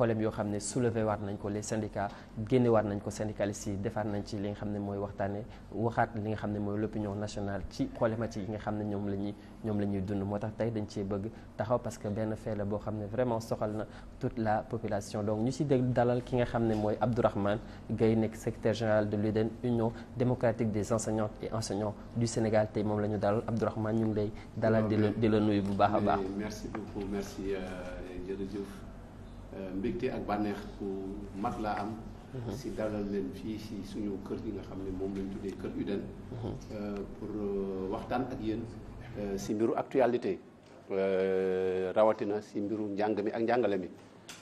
problème yoo xam ne soulevé waat nañ ko les syndicats génne waat nañ ko syndicalistes yi defaat nañ ci li nga xam ne mooy waxtaane waxaat li nga xam ne mooy l'opinion nationale ci problématique yi nga xam ne ñoom la ñuy ñoom la ñuy dund moo tax tey dañ cee bëgg taxaw parce que benn fee la boo xam ne vraiment soxal na toute la population donc ñu si dégg dalal ki nga xam ne mooy Abdourahmane Gaye nekk secrétaire général de l'UDEN Union démocratique des enseignantes et enseignants du Sénégal tey moom la ñu dalal Abdourahmane ñu ngi lay dalal di la di la nuyu baax a baax merci Euh, mbégte ak bànneex bu mag laa am. Mhm. si dalal leen fii si suñu kër gi nga xam ne moom lañ tuddee kër Uden. Mhm. Euh, pour euh, waxtaan ak yéen si mbiru actualité rawatina si mbiru njàng mi ak njàngale mi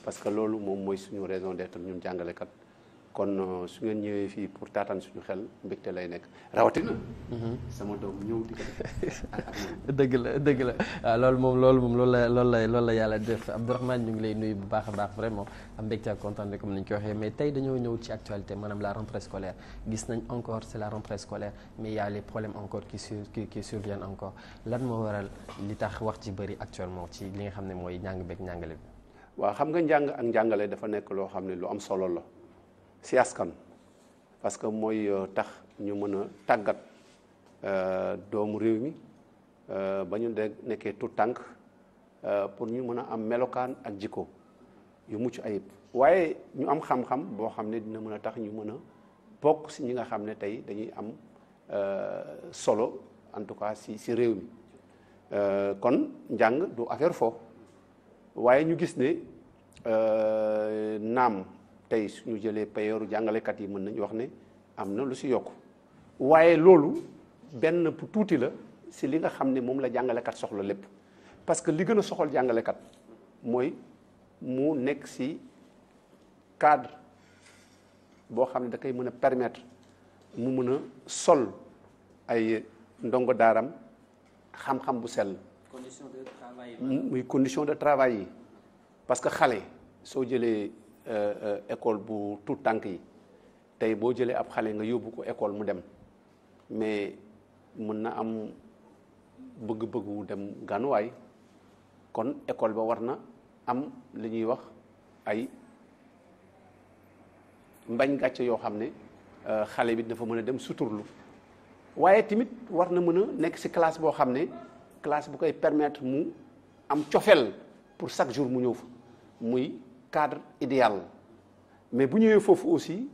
parce que loolu moom mooy suñu raison d'être ñun jàngalekat. kon euh, su ngeen ñëwee fii pour taataan suñu xel mbégte lay nekk rawatina. Mhm. sama doom ñëw di ko dëgg la dëgg la waaw ah, loolu moom loolu moom loolu la loolu la loolu la yàlla def Abdourahmane ñu ngi lay nuyu bu baax a baax vraiment am mbégte ak kontaan comme ni ñu ko waxee mais tey dañoo ñëw ci actualité maanaam la rentrée scolaire gis nañ encore c'est la rentrée scolaire mais y a les problèmes encore qui sur qui encore lan moo waral li tax wax ci bëri actuellement ci li nga xam ne mooy njàng beeg njàngale bi. xam nga njàng ak njàngale dafa nekk loo xam ne lu am solo la. si askan parce que mooy euh, tax ñu mën a tàggat euh, doomu réew mi euh, ba ñu de nekkee tout tànk pour ñu mën a am melokaan ak jikko yu mucc ayib waaye ñu am xam-xam boo xam ne dina mën a tax ñu mën a bokk si ñi nga xam ne tey dañuy am solo en tout cas si si réew mi kon njàng du affaire foo waaye ñu gis ne naam tey su ñu jëlee payooru jàngalekat yi mën nañu wax ne am na lu si yokku waaye loolu benn bu tuuti la si li nga xam ne moom la jàngalekat soxla lépp parce que li gën a soxal jàngalekat mooy mu nekk si cadre boo xam ne da koy mën a permettre mu mën a sol ay ndongo daaram xam-xam bu sell. condition muy condition de travail yi parce que xale soo jëlee. Euh, école bu tout tànk yi tey boo jëlee ab xale nga yóbbu ko école mu dem mais mën na am bëgg-bëggu dem gànnuwaay kon école ba war na am li ñuy wax ay mbañ gàcce yoo xam ne euh, xale bi dafa mën a dem suturlu waaye tamit war na mën a nekk ci classe boo xam ne classe bu koy permettre mu am cofeel pour chaque jour mu ñëw fa muy cadre idéal mais bu ñëwee foofu aussi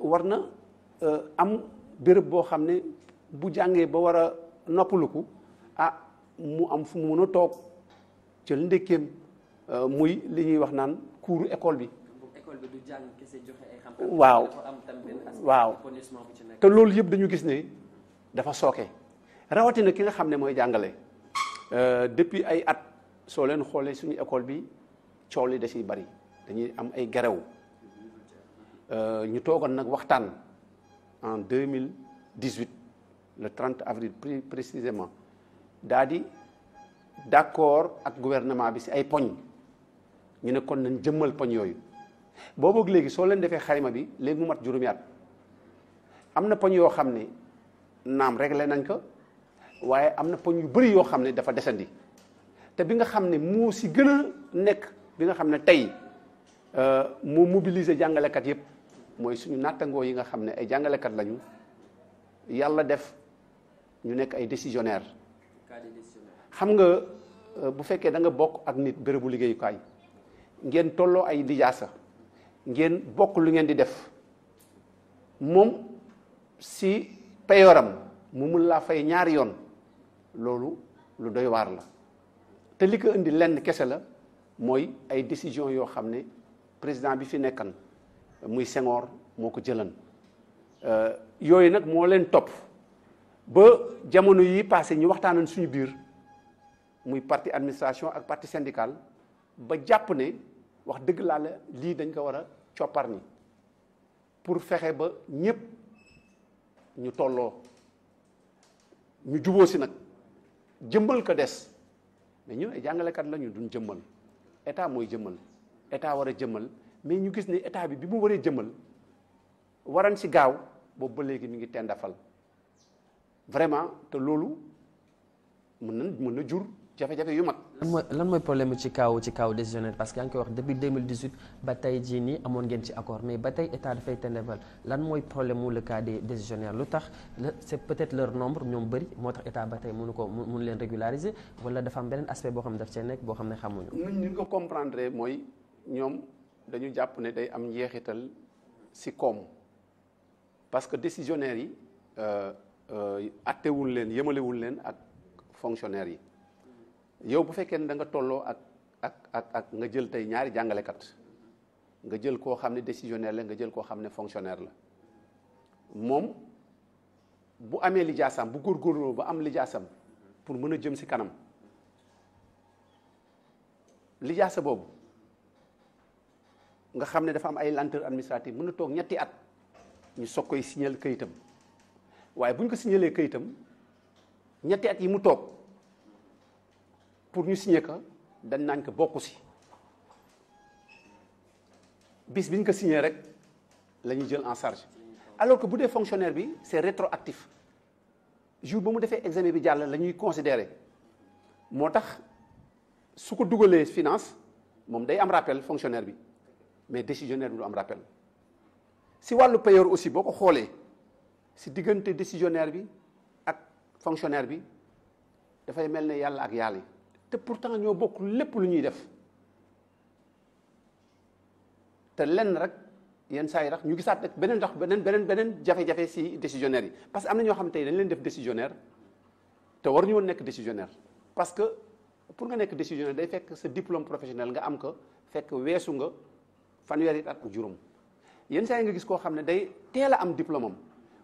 war na euh, am béréb boo xam ne bu jàngee ba war a noppaluku ah mu am fu mu mën a toog jël ndékkeem euh, muy li ñuy wax naan kuuru école bi. école bi jàng kese joxe ay xam-xam. waaw te loolu yëpp dañu gis ne dafa sooke rawatina ki nga xam ne mooy jàngale euh, depuis ay at soo leen xoolee suñu école bi coow li da ciy bari. dañuy am ay garew euh, ñu toogoon nag waxtaan en 2018 le 30 avril plus précisément daa di d'accord ak gouvernement bi si ay poñ ñu nekkoon kon nañ jëmmal poñ yooyu boobu léegi soo leen defee xayma bi léegi mu mat juróomi at am na poñ yoo xam ne naam réglé nañ ko waaye am na poñ yu bëri yoo xam ne dafa desandi te bi nga xam ne moo si gën a nekk bi nga xam ne tey Euh, mu mobiliser jàngalekat yëpp mooy suñu nattangoo yi nga xam ne ay jàngalekat lañu yàlla def ñu nekk ay décisionnaire xam nga euh, bu fekkee danga bokk ak nit bérébu liggéeyukaay ngeen tolloo ay lijaasa ngeen bokk lu ngeen di def moom si payoram mu mun laa fay ñaari yoon loolu lu doy waar la te li ko indi lenn kese la mooy ay décision yoo xam ne président bi fi nekkan muy Senghor moo ko jëlan euh, yooyu nag moo leen topp ba jamono yi passé ñu waxtaanoon suñu biir muy parti administration ak parti syndical ba jàpp ne wax dëgg laa la lii dañ ko war a coppar ni pour fexe ba ñépp ñu tolloo ñu juboo si nag jëmmal ko des mais ñun ay jàngalekat lañu ñu duñ jëmmal état mooy jëmmal état war a jëmmal mais ñu gis ne état bi bi mu waree jëmmal waran ci gaaw boobu ba léegi mu ngi tendafal vraiment te loolu mën na mën na jur jafe-jafe yu mag. lan mooy lan mooy problème ci kaw ci kaw décisionnaire parce que yaa ngi koy wax depuis ba tey jii nii amoon ngeen ci accord mais ba tey état dafay tendefal lan mooy problème mu le cas lu tax c' est peut-être leur nombre ñoom bëri moo tax état ba tey mënu ko mënu leen régulariser wala dafa am beneen aspect boo xam ne daf cee nekk boo xam ne xamuñu. ñoom dañu jàpp ne day am njeexital si koom parce que décisionnaires yi euh, euh, attewul leen yemalewul leen ak fonctionnaire yi yow bu fekkee ne danga tolloo ak ak ak nga jël tey ñaari jàngalekat nga jël koo xam ne décisionnaire la nga jël koo xam ne fonctionnaire la moom bu amee lijaasam bu góor góorgóorloo ba am lijaasam pour mën a jëm si kanam lijaasa boobu nga xam ne dafa am ay lenteur administrative mën na toog ñetti at ñu soog koy signal kayitam waaye buñ ko signalee kayitam ñetti at yi mu toog pour ñu signé ko dañ naan ko bokku si bis biñ ko signé rek lañuy jël en charge alors que bu dee fonctionnaire bi c'est rétroactif jour ba mu defee examen bi jàll la ñuy considérer moo tax su ko dugalee finance moom day am rappel fonctionnaire bi mais décisionnaire bi du am rappel si wàllu payeur aussi boo ko xoolee si diggante décisionnaire bi ak fonctionnaire bi dafay mel ne yàlla ak yàlla yi te pour pourtant ñoo bokk lépp lu ñuy def te lenn rek yenn saa yi rax ñu gisaat rek beneen rax beneen beneen beneen jafe-jafe si décisionnaire yi parce que am na ñoo xam tey dañ leen def décisionnaire te war ñu woon nekk décisionnaire parce que pour nga nekk décisionnaire day fekk sa diplôme professionnel nga am ko fekk weesu nga fanweeri at ak juróom yenn saa yi nga gis koo xam ne day teel a am diplôme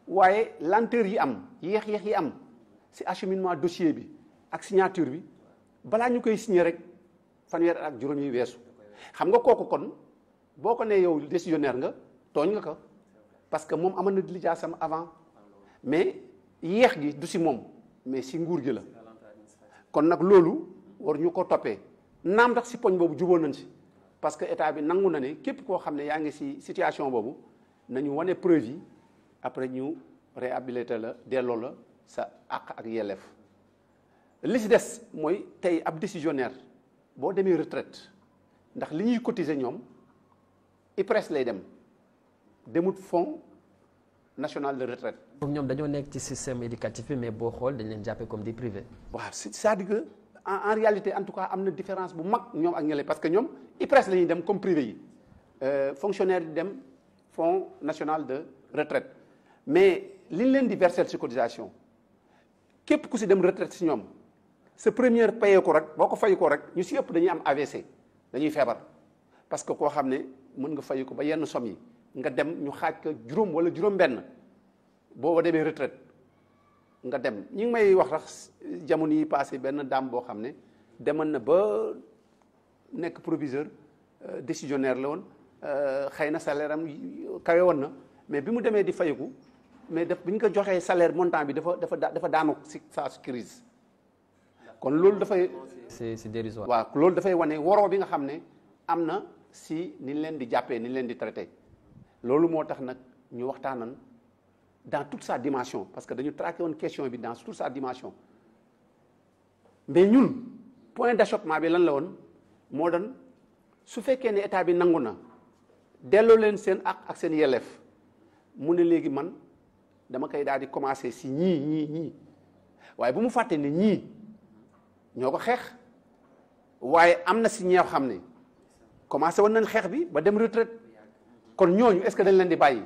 waaye lenteur yi am yéex yeex yi am si acheminement dossier bi ak signature bi balaa ñu koy signé rek fanweeri at ak juróom yi weesu xam nga kooku kon boo ko nee yow décisionnaire nga tooñ nga ko parce que moom amoon na diligence am avant mais yéex gi du si moom mais si nguur gi la kon nag loolu war ñu ko toppee naam tax si poñ boobu jubóo nañ si parce que état bi nangu na ne képp koo xam ne yaa ngi si situation boobu nañu wane preuve yi après ñu réhabilité la delloo la sa àq ak yelleef li si des mooy tey ab décisionnaire boo demee retraite ndax li ñuy cotiser ñoom IPRES lay dem demut fonds national de retraite. pour ñoom dañoo nekk ci système éducatif bi mais boo xool dañ leen jàppee comme des privés. waaw cest à en réalité en tout cas am na différence bu mag ñoom ak ñële parce que ñoom IPRES la ñuy dem comme privé yi euh, fonctionnaire yi dem fonds national de retraite mais li leen di verser ci képp ku si dem retraite si ñoom sa première payee ko rek boo ko fay rek ñu si yëpp dañuy am AVC dañuy feebar parce que koo xam ne mën nga fay ko ba yenn somme yi nga dem ñu xaaj ko juróom wala juróom-benn boo demee retraite nga dem ñi ngi may wax sax jamono yi passé benn dame boo xam ne demoon na ba nekk proviseur euh, décisionnaire la woon euh, xëy na salaire am kawe woon na mais bi mu demee di fayeku mais daf bi ñu ko joxee salaire montant bi dafa dafa dafa daanu si sa su crise kon loolu dafay. c'est c'est dérisoire. waaw loolu dafay wane waroo bi nga xam ne am na si ni leen di jàppee ni leen di traité loolu moo tax nag ñu waxtaanan dans tout sa dimension parce que dañu traqué woon question bi dans toute sa dimension mais ñun point d'achoppement bi lan la woon moo doon su fekkee ne état bi nangu na delloo leen seen ak ak seen yelleef mu ne léegi man dama koy daal di commencer si ñii ñii ñii waaye bu mu fàttee ne ñii ñoo ko xeex waaye am na si ñeew xam ne commencé woon nañ xeex bi ba dem retraite kon ñooñu est-ce que dañ leen di bàyyi.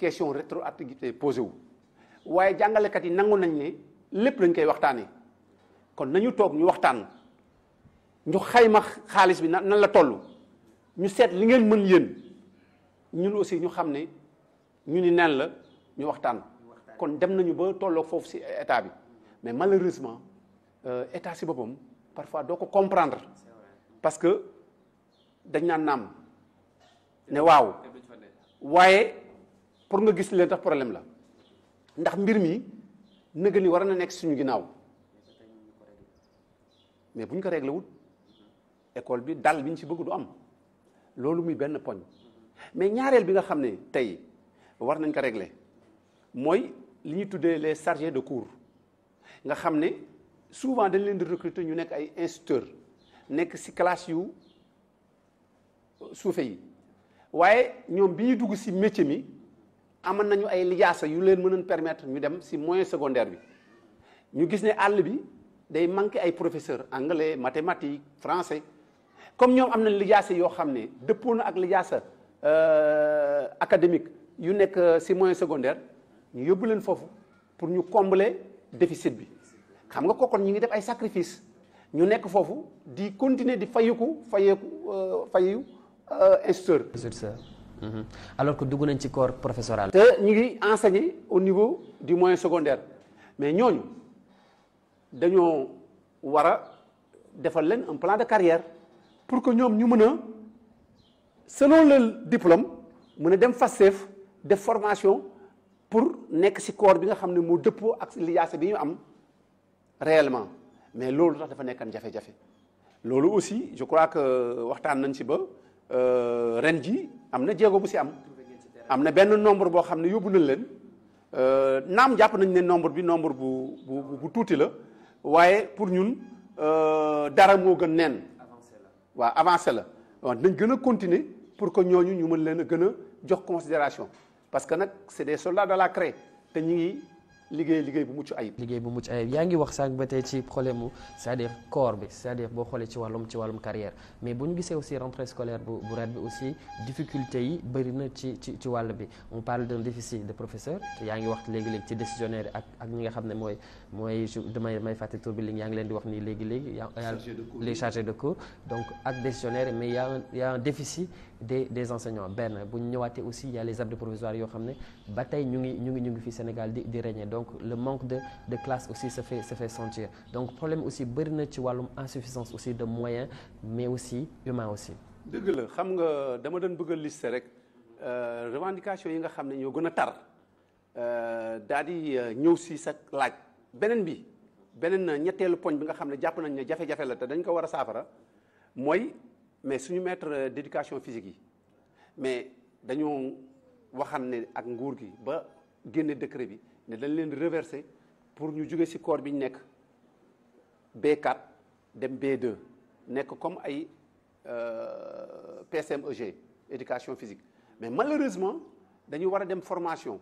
question rétroactivité posé wu waaye jàngalekat yi nangu nañ ne lépp lañ koy waxtaanee kon nañu toog ñu waxtaan ñu xayma xaalis bi nan nan la toll ñu seet li ngeen mën yéen ñun aussi ñu xam ne ñu ni nen la ñu waxtaan kon dem nañu ba tolloog foofu ci état bi mais malheureusement euh, état ci boppam parfois doo ko comprendre parce que dañ naan naam ne waaw waaye pour nga gis leen tax problème la ndax mbir mi nëgë ni war na nekk suñu ginnaaw mais bu ñu ko réglé wut école bi dal bi ñu ci bëgg du am loolu muy benn poñ mais ñaareel bi nga xam ne tey war nañ ko réglé mooy li ñu tuddee les chargés de cours nga xam ne souvent dañ leen di recruter ñu nekk ay instituteurs nekk ci classe yu suufe yi waaye ñoom bi ñuy dugg ci métier mi. amoon nañu ay lijaasa yu leen mënoon permettre ñu dem si moyen secondaire bi ñu gis ne àll bi day manqué ay professeur anglais mathématique français comme ñoom am nañ lijaasa yoo xam ne dëppoon na ak lijaasa euh, academique yu nekk si euh, moyen secondaire ñu yóbbu leen foofu pour ñu combler déficit bi xam nga kookoon ñu ngi def ay sacrifice ñu nekk foofu di continuer di fayeku fayeku euh, fayu instituteur Mm-hmm. alors que dugg nañ ci corps professoral. te ñu ngi enseigner au niveau du moyen secondaire mais ñooñu dañoo war a defal leen un plan de carrière pour que ñoom ñu mën a selon le diplôme mën a dem FASTEF def formation pour nekk ci corps bi nga xam ne moo dëppoo ak lijaasa bi ñu am réellement mais loolu tax dafa nekkan jafe-jafe loolu aussi je crois que waxtaan nañ ci ba. Euh, ren ji am na jéego bu si am am na benn nombre boo xam ne yóbbu nañ leen euh, naam jàpp nañ ne nombre bi nombre bu bu bu tuuti la waaye pour ñun euh, dara moo gën neen waa avancé la waaw nañ gën a continuer pour que ñooñu ñu mën leen a gën a jox considération parce que nag c'est des soldats de la craie te ñi ngi liggéey liggéey bu mucc ayib. liggéey bu mucc ayib yaa ngi wax sànq ba tey ci problème cest dire corps bi cest dire boo xoolee ci wàllum ci wàllum carrière mais bu ñu gisee aussi rentrée scolaire bu bu ret bi aussi difficulté yi bëri na ci ci ci wàll bi on parle d'un déficit de professeur yaa ngi wax léegi-léegi ci décisionnaire ak ak ñi nga xam ne mooy mooy damay damay fàtte tur bi li yaa ngi leen di wax nii léegi-léegi. les chargés de cours les chargés de cours donc ak décisionnaire mais y a un des des enseignants benn bu ñu ñëwaatee aussi il y a les abris provisoires xam ne ba tey ñu ngi ñu ngi ñu ngi fi Sénégal di di régner donc le manque de de classe aussi se fait se fait sentir donc problème aussi bëri na ci wàllum insuffisance aussi de moyens mais aussi humain aussi. dëgg la xam nga dama doon bëgg a liste rek euh, revendication yi nga xam ne ñoo gën a tar euh, daal di euh, ñëw si sa laaj beneen bi beneen ñetteelu poñ bi nga xam ne jàpp nañ ne jafe-jafe la te dañ ko war a saafara mooy. mais suñu maître euh, d'éducation physique yi mais dañoo waxan ne ak nguur gi ba génne décret bi ne dañ leen reverser pour ñu jóge ci corps bi ñu nekk B4 dem B2 nekk comme ay euh, PSMEG éducation physique mais malheureusement dañu war a dem formation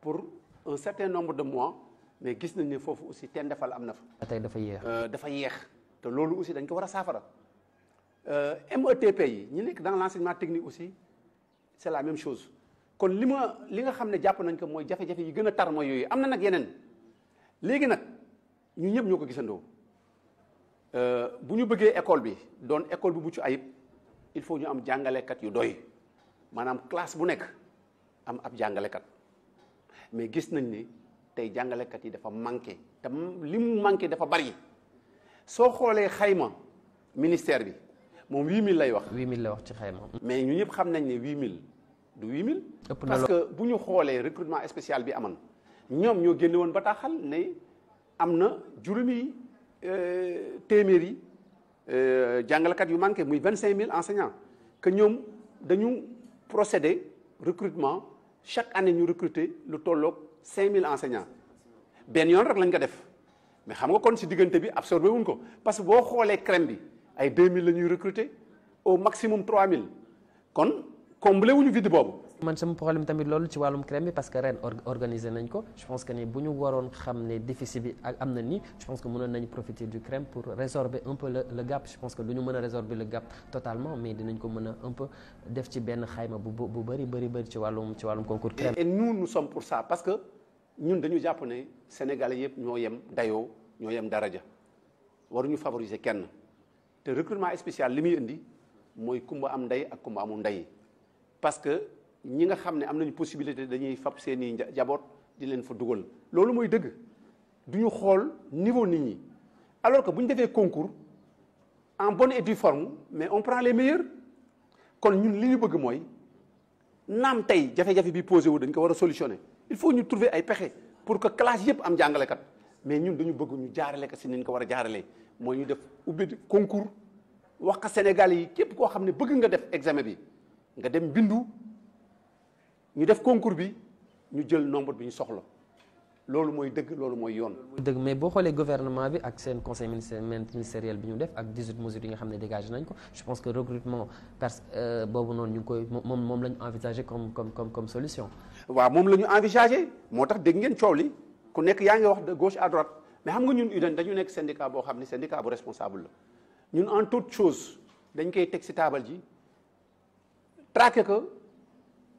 pour un certain nombre de mois mais gis nañ ne foofu aussi teen defal am na fa. tey dafa yéex. Euh, dafa yéex te loolu aussi dañ ko war a saafara. Euh, METP yi ñu nekk dans l'enseignement technique aussi c'est la même chose kon li ma li nga xam ne jàpp nañ ko mooy jafe-jafe yu gën a tar mooy yooyu am na nag yeneen léegi nag ñu ñëpp ñoo ko gisandoo euh, bu ñu bëggee école bi doon école bu mucc ayib il faut ñu am jàngalekat yu doy maanaam classe bu nekk am ab jàngalekat mais gis nañ ni tey jàngalekat yi dafa manqué te li mu manqué dafa bari soo xoolee xayma ministère bi. moom 8000 lay wax. 8000 la wax ci xayma. mais ñu ñëpp xam nañ ne 8000 du 8000. mille na parce que bu ñu xoolee recrutement spécial bi amoon ñoom ñoo génne woon bataaxal ne am na juróomi euh, téeméeri euh, jàngalekat yu manqué muy cinq 25000 enseignants que ñoom dañu procédé recrutement chaque année ñu recruter lu tolloog 5000 enseignants benn yoon rek lañ ko def mais xam nga kon si diggante bi absorbé wuñ ko parce que boo xoolee crème bi. ay deux la ñuy recruter au maximum 3000 kon comblé wuñu vide boobu. man sama problème tamit loolu ci wàllum crème bi parce que ren organisé nañ ko je pense que ni bu ñu waroon xam ne déficit bi ak am na ni je pense que mënoon nañu profiter du crème pour résorber un peu le le gap je pense que du ñu mën a résorber le gap totalement mais dinañ ko mën a un peu def ci benn xayma bu bu bu bëri bëri bëri ci wàllum ci wàllum concours crème. et nous nous sommes pour ça parce que ñun dañu jàpp ne Sénégalais yëpp ñoo yem dayoo ñoo yem daraja waruñu favoriser kenn. te recrutement spécial li muy indi mooy kumba am ndey ak kumba amul ndey parce que ñi nga xam ne am nañu possibilité dañuy fab seeni njaboot di leen fa dugal loolu mooy dëgg du ñu xool niveau nit ñi alors que bu ñu defee concours en bonne et due forme mais on prend les meilleurs kon ñun li ñu bëgg mooy naam tey jafe-jafe bi posé wu dañ ko war a solutionner il faut ñu trouver ay pexe pour que classe yëpp am jàngalekat mais ñun dañu bëgg ñu jaarale ko si ni ko war a jaaralee. moo ñu def ubbi concours wax ko Sénégal yi képp koo xam ne bëgg nga def examen bi nga dem mbindu ñu def concours bi ñu jël nombre bi ñu soxla loolu mooy dëgg loolu mooy yoon. dëgg mais boo xoolee gouvernement bi ak seen conseil ministériel bi ñu def ak 18 mesures yi nga xam ne dégagé nañ ko je pense que recrutement pers euh, boobu noonu ñu koy moom moom la ñu envisagé comme comme comme comme solution. waaw moom la ñu moo tax dégg ngeen coow li ku nekk yaa ngi wax de gauche mais xam nga ñun UDEN dañu nekk syndicat boo xam ne syndicat bu responsable la ñun en toute chose dañ koy teg si taabal ji traqué que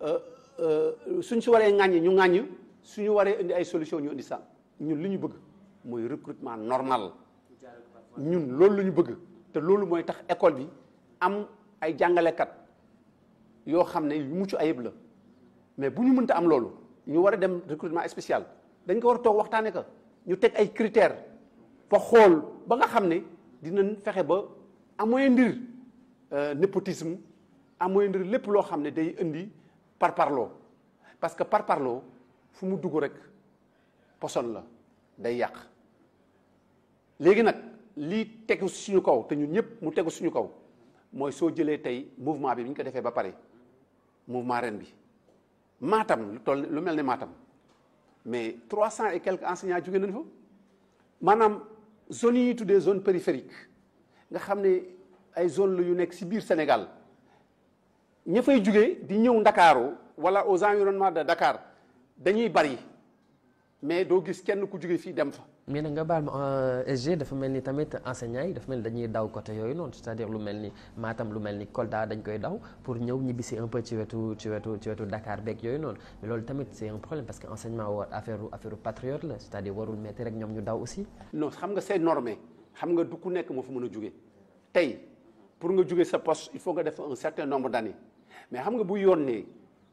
euh, euh, suñ si waree ŋàññi ñu ŋàññ suñu waree indi ay solution ñu indi sa ñun li ñu bëgg mooy recrutement normal ñun loolu la ñu bëgg te loolu mooy tax école bi am ay jàngalekat yoo xam ne yu mucc ayib la mais bu ñu mënta am loolu ñu war a dem recrutement spécial dañ ko war toog waxtaane ka ñu teg ay critères fa xool ba nga xam ne dina fexe ba amoindrir euh, népotisme amoindrir lépp loo xam ne day indi par parparloo parce que par parparloo fu mu dugg rek poson la day yàq léegi nag lii tegu suñu kaw te ñu ñëpp mu tegu suñu kaw mooy soo jëlee tey mouvement bi bi ñu ko defee ba pare mouvement ren bi maatam lu toll lu mel ni maatam mais trois cent et quelques enseignants jóge nañ fa maanaam zone yi ñuy tuddee zone périphérique nga xam ne ay zone la yu nekk si biir Sénégal ña fay jóge di ñëw Ndakaaru wala aux environnements de ndakaar dañuy bari mais doo gis kenn ku jóge fii dem fa mais nag nga baal ma euh, SG dafa mel ni tamit enseignants yi dafa mel ni dañuy daw côté yooyu noonu c'est-à-dire lu mel ni maatam lu mel ni Kolda dañ koy daw pour ñëw ñibbi un peu ci wetu ci wetu ci wetu Dakar beeg yooyu noonu mais tamit c'est un problème parce que enseignement war affaire affaire patriote la c'est-à-dire warul metti rek ñoom ñu daw aussi. non xam nga c'est normé xam nga du ku nekk moo fa mën a jugee tey pour nga jugee sa post il faut nga def un certain nombre d'années mais xam nga bu yónnee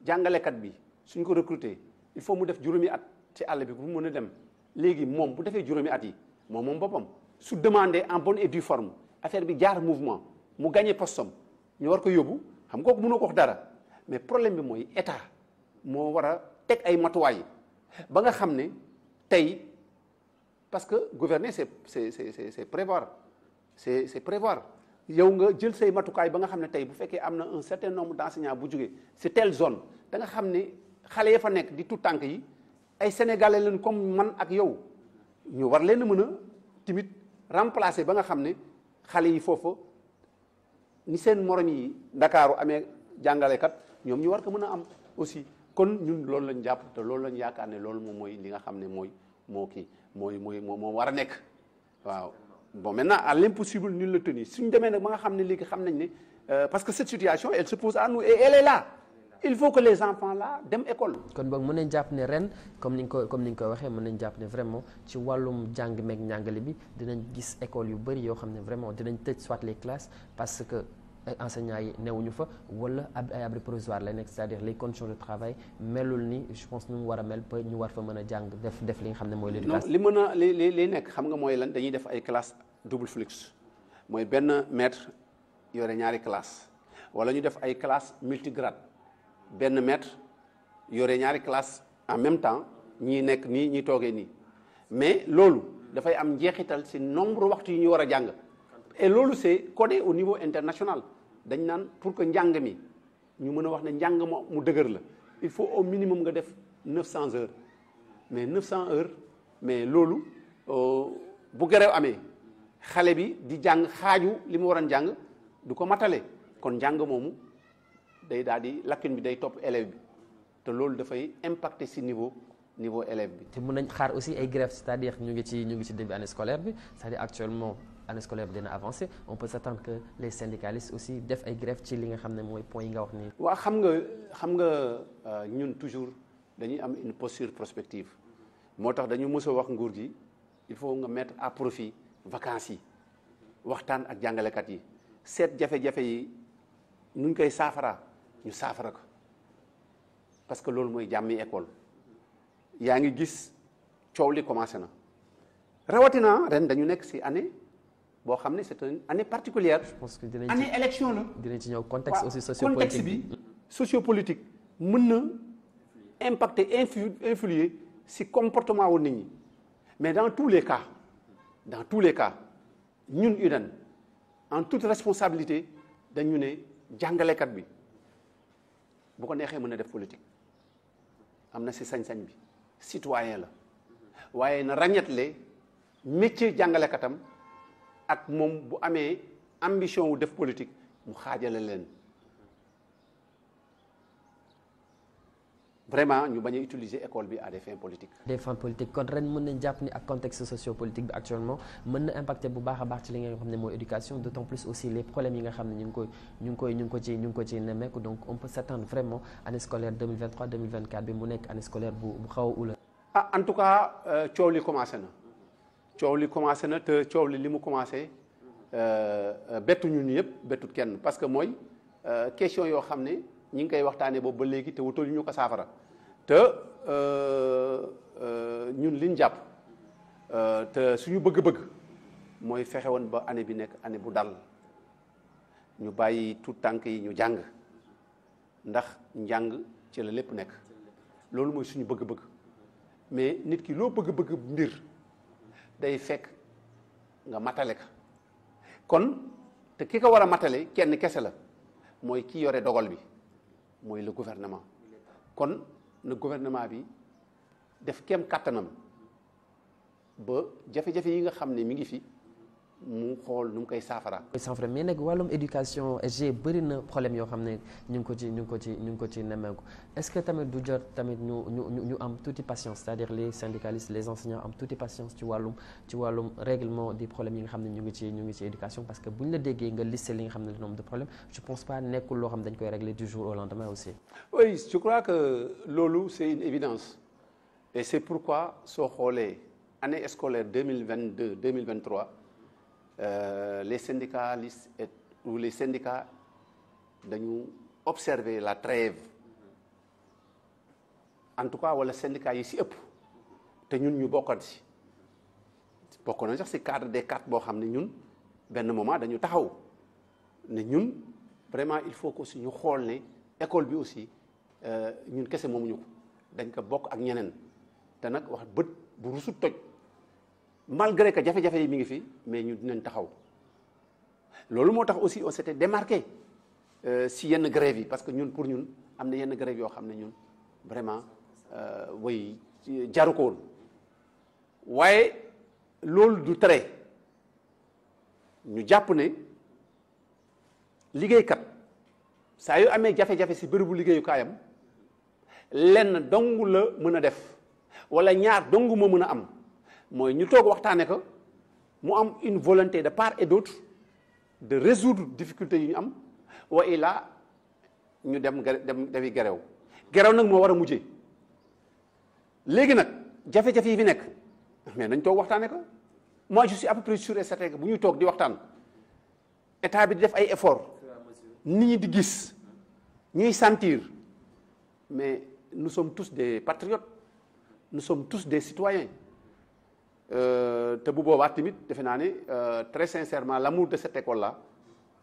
jàngalekat bi suñ ko recruter il faut mu def juróomi at ci àll bi bu mu mën a dem. léegi moom bu defee juróomi at yi moom moom boppam su demandé en bonne et due forme affaire bi jaar mouvement mu gagné postom ñu war ko yóbbu xam nga kooku mënoo ko wax dara mais problème bi mooy état moo war a teg ay matuwaay ba nga xam ne tey parce que gouverner c'est c'est c'est c'est prévoir c'est c'est prévoir yow nga jël say matukaay ba nga xam ne tey bu fekkee am na un certain nombre d'enseignants bu jógee si telle zone da nga xam ne xale ya fa nekk di tout tànk yi ay sénégalais leen comme man ak yow ñu war leen mën a timit remplacer ba nga xam ne xale yi foofu ni seen morom yi ndakaaru amee jàngalekat ñoom ñu war ko mën a am aussi kon ñun loolu lañ jàpp te loolu lañ yaakaar ne loolu moom mooy li nga xam ne mooy moo kii mooy mooy moo moo war a nekk waaw bon maintenant à l'impossible nul ne tenu suñ demee nag ba nga xam ne léegi xam nañ ne euh, parce que cette situation elle se pose à nous et elle est là il faut que les enfants là dem école. kon boog mën nañ jàpp ne ren comme ni nga ko comme ni ko waxee mën nañ jàpp ne vraiment ci wàllum jàng meeg njàngale bi dinañ gis école yu bëri yoo xam ne vraiment dinañ tëj soit les classes parce que enseignants yi newuñu fa wala ab ay abri provisoire la nekk c'est-à-dire les conditions de travail melul ni je pense nu mu war a mel ba ñu war fa mën a jàng def def li nga xam ne mooy. l'éducation li mën a li li li nekk xam nga mooy lan dañuy def ay classes double flux mooy benn maître yore ñaari classe wala ñu def ay classes multigrade benn maître yore ñaari classe en même temps ñii nekk nii ñi toogee nii mais loolu dafay am njeexital si nombre waxtu yi ñu war a jàng et loolu c'est codé au niveau international dañ naan pour que njàng mi ñu mën a wax ne njàng mo mu dëgër la il faut au minimum nga def 900 heures mais 900 heures mais loolu euh, bu gërëw amee xale bi di jàng xaaju li mu waroon jàng du ko matale kon njàng moomu day daal di lacune bi day topp élève bi te loolu dafay impacte si niveau niveau élève bi. te mën nañ xaar aussi ay grèves cest ñu ngi ci ñu ngi ci début année scolaire bi cest dina avancer on peut s'attendre que aussi def ay grèves ci li nga xam ne mooy points yi nga wax nii. waa xam nga xam nga euh, ñun toujours dañuy am une posture prospective moo tax dañu mës a wax nguur gi il faut nga mettre à profit vacances yi waxtaan ak jàngalekat yi seet jafe-jafe yi nuñ koy saafara ñu saafara parce que loolu mooy jàmmi école yaa ngi gis coow li commencé na rawatina ren dañu nekk si année boo xam ne c'est une année particulière. je pense que dinañ ci dinañ ci ñëw contexte aussi sociopolitique contexte bi sociopolitique mën na impacter influ influer si comportement wu nit ñi mais dans tous les cas dans tous les cas ñun UDEN en toute responsabilité dañu ne jàngalekat bi. bu ko neexee mën a def politique am na si sañ-sañ bi citoyen la waaye na ràññetle métier jàngalekatam ak moom bu amee ambition wu def politique mu xaajale leen vraiment ñu bañ a utiliser école bi à des fins politiques. des fins politiques kon ren mën nañ jàpp ni ak contexte sociopolitique bi actuellement mën na impacter bu baax a baax ci li nga xam ne mooy éducation d'autant plus aussi les problèmes yi nga xam ne ñu ngi koy ñu ngi koy ñu ngi ko ci ñu donc on peut s'attendre vraiment année scolaire 2023 2024 bi mu nekk année scolaire bu bu xaw a ula. ah en tout euh, na coow li na te coow euh, kenn parce que mooy euh, question yoo xam ne. ñi ngi koy waxtaanee boobu ba léegi te wutal ñu ko saafara te euh, euh, ñun liñ jàpp euh, te suñu bëgg-bëgg mooy fexewoon ba année bi nekk année bu dal ñu bàyyi tout tànk yi ñu jàng ndax njàng ci la lépp nekk loolu mooy suñu bëgg-bëgg mais nit ki loo bëgg-bëgg mbir day fekk nga matale ka kon te ki ko war a matale kenn kese la mooy ki yore dogal bi mooy la gouvernement kon na gouvernement bi def kem kàttanam ba jafe-jafe yi nga xam ne mi ngi fi mu xool nu mu koy saafara koy saafara mais nag wàllum éducation SG bëri na problème yoo xam ne ñu ngi ko ci ñu ngi ko ci ñu ngi ko ci nemmeeku est-ce que tamit du jot tamit ñu ñu ñu am tuuti patience c'est-à-dire les syndicalistes les enseignants am tuuti patience ci wàllum ci wàllum règlement des problèmes yi nga xam ne ñu ngi ci ñu ngi ci éducation parce que bu ñu la déggee nga listé li nga xam ne le nombre de problèmes je pense pas nekkul loo xam dañ koy régler du jour au lendemain aussi oui loolu c'est une évidence et c'est pourquoi soo xoolee euh, les syndicalistes et, ou les syndicats dañu observer la trêve en tout cas wala syndicats yi si ëpp te ñun ñu bokkoon si bokkoon nañ sax si cadre des quatre boo xam ne ñun benn moment dañu taxaw ne ñun vraiment il faut que aussi ñu xool ne école bi aussi euh, ñun kese moomuñu ko dañ ko bokk ak ñeneen te nag wax bët bu rusut toj malgré que jafe-jafe yi mi ngi fi mais ñu dinañ taxaw loolu moo tax aussi on s'était démarqué euh, si yenn grève yi parce que ñun pour ñun am na yenn grève yoo xam ne ñun vraiment euh, way jaru ko woon waaye loolu du tere ñu jàpp ne liggéeykat saa yu amee jafe-jafe si bërëbu liggéeyukaayam lenn dong la mën a def wala ñaar dong ma mën a am mooy ñu toog waxtaane ko mu am une volonté de part et d'autre de résoudre difficulté yu ñu am wa ilaa ñu dem dem dafi gerew gerew nag moo war a mujjee léegi nag jafe-jafe yi fi nekk mais nañ toog waxtaane ko moi je suis à près sûr et certain bu ñuy toog di waxtaan état bi di def ay effort nit ñi di gis ñuy sentir mais nous sommes tous des patriotes nous sommes tous des citoyens Euh, te bu boobaa tamit defe naa ne euh, très sincèrement l'amour de cette école la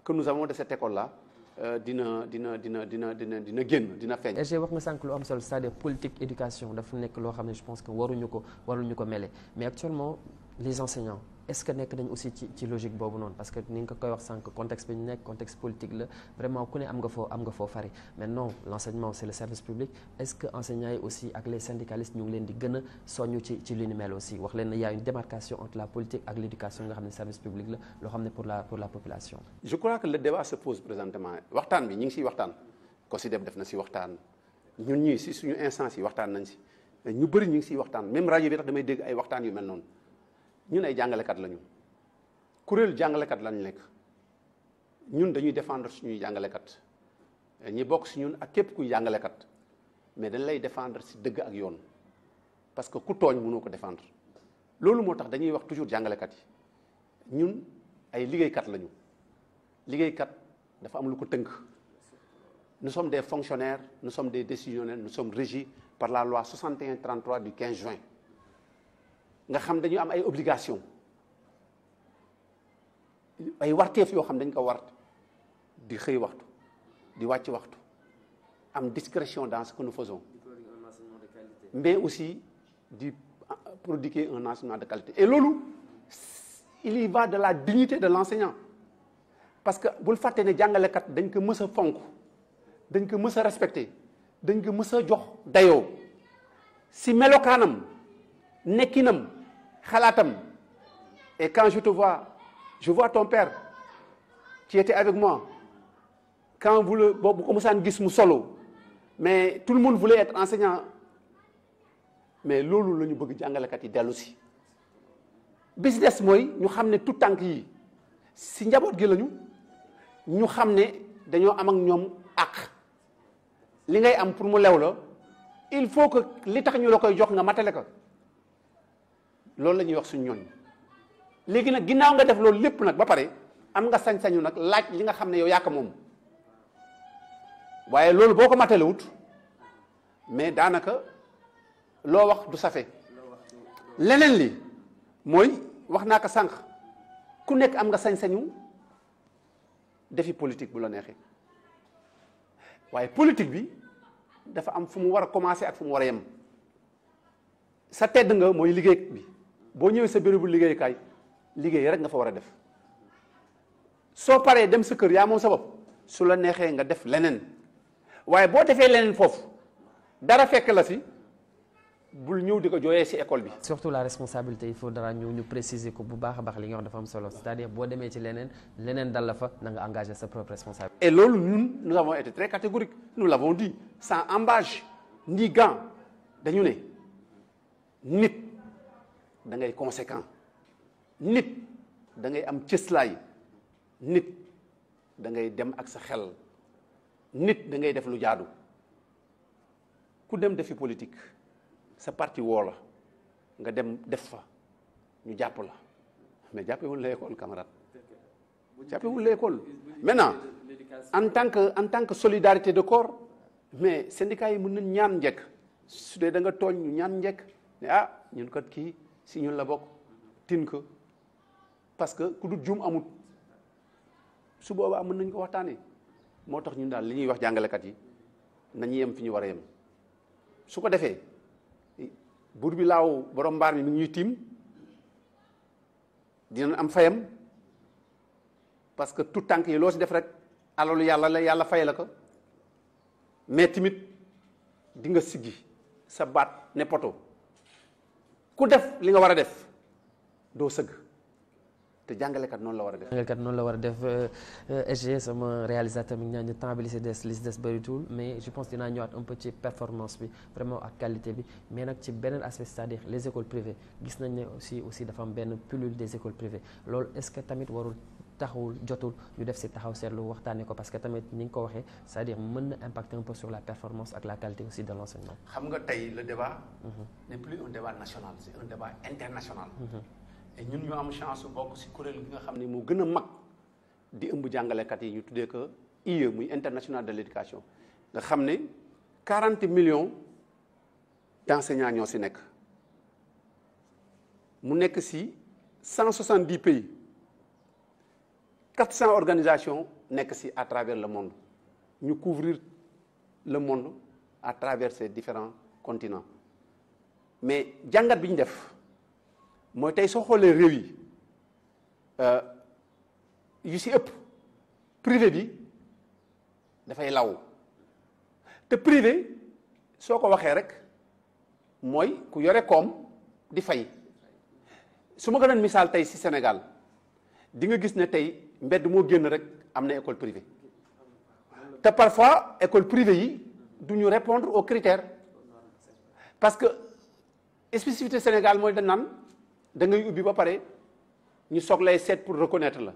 que nous avons de cette école là euh, dina dina dina dina dina dina génn dina feeñ. RG wax nga sànq lu am solo c'est-à-dire politique éducation dafa nekk loo xam ne je pense que waruñu ko waruñu ko mele mais actuellement les enseignants. est-ce que nekk nañ aussi ci ci logique boobu noonu parce que ni nga koy wax sànq contexte bi ñu nekk contexte politique la vraiment ku ne am nga foo am nga foo fari mais non l'enseignement c'est le service public est-ce que enseignants yi aussi ak les syndicalistes ñu ngi leen di gën a soññu ci ci li ni mel aussi wax leen ne y a une démarcation entre la politique ak l'éducation nga xam ne service public la loo xam ne pour la pour la population. je crois que le débat se pose présentement waxtaan bi ñu ngi siy waxtaan ko si dem def na si waxtaan ñun ñii si suñu instance yi waxtaan nañ si ñu bëri ñu ngi siy waxtaan même rajo bi tax damay dégg ay waxtaan yu mel noonu. ñun ay jàngalekat lañu kuréelu jàngalekat lañu nekk ñun dañuy défendre suñuy jàngalekat ñi bokk si ñun ak képp kuy jàngalekat mais dañ lay défendre si dëgg ak yoon parce que ku tooñ munoo ko défendre loolu moo tax dañuy wax toujours jàngalekat yi ñun ay liggéeykat lañu liggéeykat dafa am lu ko tënk nous sommes des fonctionnaires nu sommes des décisionnaires nous sommes régis par la loi 61 33 du 15 juin nga xam dañu am ay obligation ay warteef yoo xam dañ ko war di xëy waxtu di wàcc waxtu am discrétion dans ce que nous mais aussi di prodiguer un enseignement de qualité et loolu il y va de la dignité de l'enseignant parce que bul fàtte ne jàngalekat dañ ko mës a fonk dañ ko mës a respecté dañ ko mës a jox dayoo si melokaanam nekkinam xalaatam et quand je te vois je vois ton père qui était quand vous le boo bu gis mu solo mais tout le monde voulait être enseignant mais loolu la ñu bëgg jàngalekat yi dellu si business mooy ñu xam ne tout tànk yi si njaboot gi lañu ñu xam ne dañoo am ak ñoom àq li ngay am pour mu lew la il faut que li tax ñu la koy jox nga matale ko loolu la ñuy wax suñu ñooñ léegi nag ginnaaw nga def loolu lépp nag ba pare am nga sañ-sañu nag laaj li nga xam ne yow yàq moom waaye loolu boo ko wut mais daanaka loo wax du safe leneen li mooy wax naa ko sànq ku nekk am nga sañ-sañu defi politique bu la neexee waaye politique bi dafa am fu mu war a commencer ak fu mu war a yem sa tedd nga mooy liggéey bi boo ñëwee sa bérébu liggéeyukaay liggéey rek nga fa war a def soo paree dem sa kër yaa moom sa bopp su la neexee nga def leneen waaye boo defee leneen foofu dara fekk la si bul ñëw di ko jooyee si école bi. surtout la responsabilité il faut dara ñëw ñu préciser ko bu baax a baax li nga wax dafa am solo cest boo demee ci leneen leneen dal la fa na nga engagé sa propre responsabilité. et loolu ñun nous avons été très catégorique nous l'avons dit sans embâche ni gant dañu ne da ngay conséquent nit da ngay am cëslaay nit da ngay dem ak sa xel nit da ngay def lu jaadu ku dem defi politique sa parti woo la nga dem def fa ñu jàpp la mais jàppewul la école camarade jàppewul la école maintenant tant que en tant que solidarité de corps mais syndicat yi mun na ñaan njëkk su dee da nga tooñ ñu ñaan njëkk ne ah ñun kat kii si ñun la bokk tin ko parce que ku dut juum amut su boobaa mën nañ ko waxtaanee moo tax ñun daal li ñuy wax jàngalekat yi nañu yem fi ñu war a yem su ko defee buur bi laaw borom mbaar mi mi ñuy tiim dinañ am fayam parce que tout tànk yi loo si def rek alalu yàlla la yàlla fay la ko mais tamit dinga siggi sa baat ne poto ku def li nga war a def doo sëgg te jàngalekat noonu la war a def. jàngalekat noonu la war a def euh, SG sama réalisateur mi ngi ñaan ñu temps bi mais je pense dinaa ñëwaat un ci performance bi vraiment ak qualité bi mais nag ci beneen aspect c'est-à-dire les écoles privées gis nañ ne aussi aussi dafa am benn pullule des écoles privées loolu est-ce que tamit warul. taxawul jotul ñu def si taxaw seetlu waxtaanee ko parce que tamit ni nga ko waxee c'est-à-dire mën na impacter un peu sur la performance ak la qualité aussi de l'enseignement. xam nga tey le débat. Mhm. n'est plus un débat national c'est mhm. ñu am chance bokk si kuréel gi nga xam ne moo gën a mag di ëmb jàngalekat yi ñu tuddee ko IE muy international de l'éducation nga xam ne 40 millions d'enseignants ñoo si nekk mu nekk si 170 pays. quatre cent organisation nekk ci à travers le monde ñu couvrir le monde à travers ces différents continents mais jàngat bi ñu def mooy tey soo xoolee réew yi euh, yu ci ëpp privé bi dafay law te privé soo ko waxee rek mooy ku yore koom di fay su ma ko doon misaal tey si Sénégal di gis ne tey mbedd moo génn rek am na école privée te parfois école privée yi du ñu répondre au critères parce que spécificité Sénégal mooy da naan da ngay ubbi ba pare ñu soog lay seet pour reconnaître la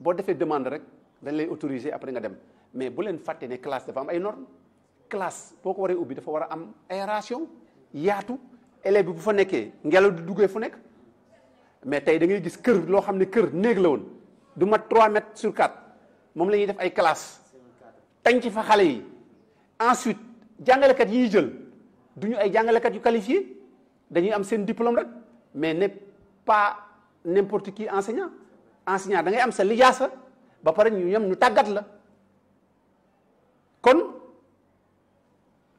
boo defee demande rek dañ lay autoriser après nga dem mais bu leen fàtte ne classe dafa am ay normes classe boo ko waree ubbi dafa war a am aération yaatu élève bu fa nekkee ngelaw di duggee fu nekk mais tey da ngay gis kër loo xam ne kër néeg la du mat 3 mètres sur 4 moom lañuy def ay classe tañ ci fa xale yi ensuite jàngalekat yi ñuy jël du ñu ay jàngalekat yu qualifié dañuy am seen diplôme rek mais ne pas n'importe qui enseignant enseignant da ngay am sa lijaasa ba pare ñu ñam ñu tàggat la kon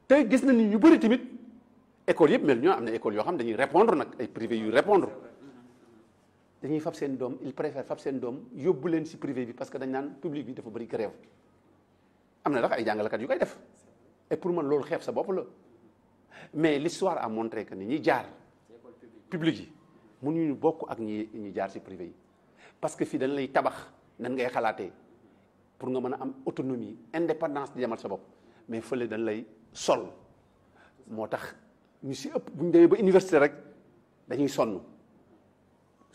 te gis na ni ñu bëri tamit école yëpp mel ñoo am na école yoo xam dañuy répondre nag ay privé yu répondre dañuy fab seen doom il préfère fab seen doom yóbbu leen si privé bi parce que dañ naan public bi dafa bëri grève am na ndax ay jàngalekat yu koy def et pour man loolu xeeb sa bopp la mais l'histoire a montré que ni ñi jaar public yi ñu bokk ak ñi ñi jaar si privé yi parce que fii dañ lay tabax nan ngay xalaatee pour nga mën a am autonomie indépendance di demal sa bopp mais fële dañ lay sol moo tax ñu si ëpp bu ñu ba université rek dañuy sonn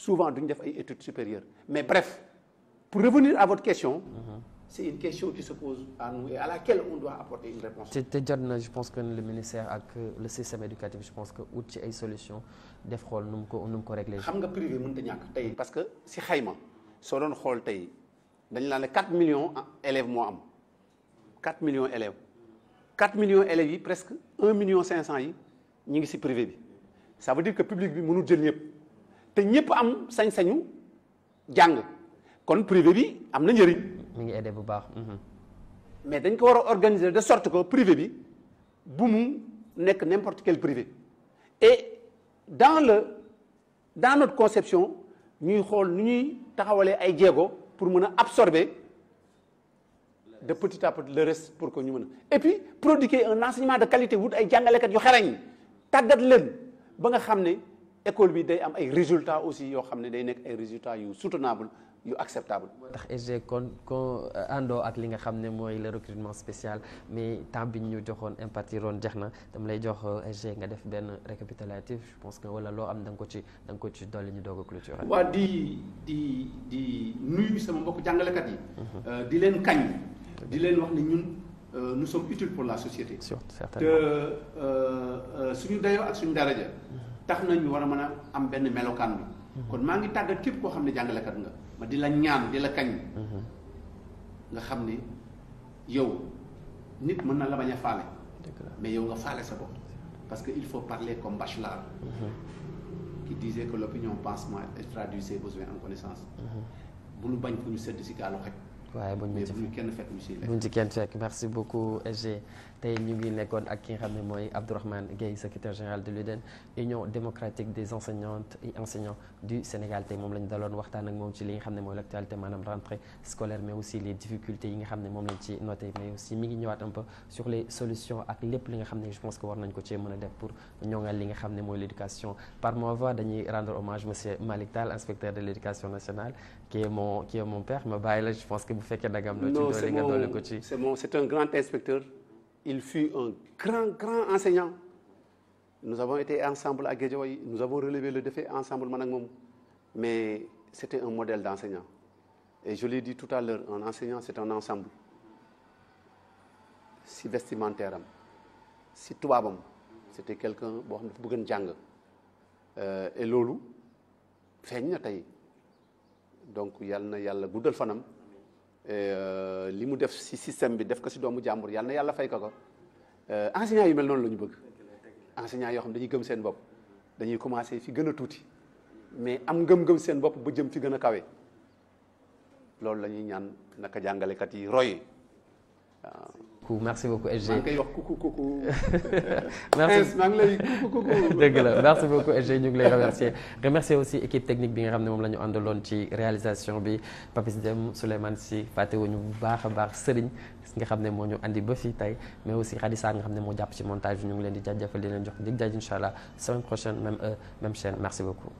souvent duñ def ay études supérieures mais bref pour revenir à votre question. Uh-huh. c'est une question qui se pose à nous et à laquelle on doit apporter une réponse. te jot na je pense que le ministère ak euh, le système éducatif je pense que ut ci ay solution def xool nu mu ko nu ko réglé. xam nga privé mënut a ñàkk tey. parce que si xayma soo doon xool tey dañu naan ne 4 millions élèves moo am 4 millions élèves 4 millions élèves yi presque 1 million 500 yi ñu ngi si privé bi ça veut dire que public bi mënul te ñëpp am sañ-sañu jàng kon privé bi am na njëriñ. mi ngi aidé bu baax. Mhm. mais dañ ko war a organiser de sorte que privé bi bu mu nekk n'importe quel privé e dans le dans notre conception ñuy xool nu ñuy taxawalee ay jéego pour mun a absorber de petit à petit le reste pour que ñu mën a et puis prodiguer un enseignement de qualité wut ay jàngalekat yu xarañ tàggat leen ba nga xam ne. école bi day am ay résultat aussi yoo xam ne day nekk ay résultat yu soutenable yu acceptable. tax EG kon kon euh, àndoo ak li nga xam ne mooy le recrutement spécial mais temps bi ñu joxoon impact roon jeex na dama lay jox EG euh, nga def benn récapitulatif je que wala loo am da nga ko ci da nga ko ci dolli ñu doog a clôture. waa di di di nuyu sama mbokk mhm. euh, di leen kañ. di leen wax ne ñun nous sommes utiles pour la dayoo ak suñu daraja. Mhm. tax nañu war a mën a am benn melokaan bi mhm. kon maa ngi tàggat képp koo xam ne jàngalekat nga ma di la ñaan di la kañ mhm. nga xam ni yow nit mën na la bañ a faale mais yow nga faale sa bopp parce que il faut parler comme Bachelard mhm. qui disait que l'opinion pense moins et traduit ses besoins en connaissance bu nu bañ fu ñu sedd si gaalu xaj waaye buñ ma ci buñ ci kenn fekk merci beaucoup SG tey ñu ngi nekkoon ak ki nga xam ne mooy Abdourahmane Gueye secrétaire général de l'UDEN Union démocratique des enseignantes et enseignants du Sénégal moom lañ daloon waxtaan ak moom ci li nga xam ne mooy l'actualité maanaam rentrée scolaire mais aussi les difficultés yi nga xam ne moom lañ ci noté mais aussi mi ngi ñëwaat un peu sur les solutions ak lépp li nga xam ne je pense que war nañ ko cee mën a def mooy l'éducation par ma voix dañuy rendre hommage monsieur Malick Tall inspecteur de qui est mon qui est ma bàyyi la je pense que bu fekkee da nga am. non c' est mon c' est mon c' est un grand inspecteur. il fut un grand grand enseignant. nous avons été ensemble à Guédiawaye nous avons relevé le défi ensemble man ak moom. mais c' était un modèle d' et je l' ai tout à l'heure un enseignant c' est un ensemble. si vestimentaire am si tubaabam. c' était quelqu'un boo xam ne dafa bëggoon jàng. Euh, et loolu feeñ na tey. donc yàlla na yàlla guddal fanam euh, li mu def si système bi def ko si doomu jàmbur yal na yàlla fay ko ko euh, enseignants yu mel noonu la ñu bëgg enseignants yoo xam dañuy gëm seen bopp dañuy commencé fi gën a tuuti mais am ngëm-ngëm seen bopp ba jëm fi gën a kawe loolu lañuy ñaan naka jàngalekat yi roy merci beaucoup SG maa ngi koy wax coucou coucou. merci maa ngi lay coucou coucou. dëgg la merci beaucoup SG ñu ngi lay remercier remercier aussi équipe bi nga xam ne moom la ñu àndaloon ci réalisation bi Papis Dem Souleymane Sy fàttewuñu bu baax a baax Serigne nga xam ne moo ñu indi ba fi tey mais aussi Khadissa nga xam ne moo jàpp ci montage bi ñu ngi leen di jaajëfal di leen jox dig jaaj incha allah semaine prochaine même heure même chaîne merci beaucoup.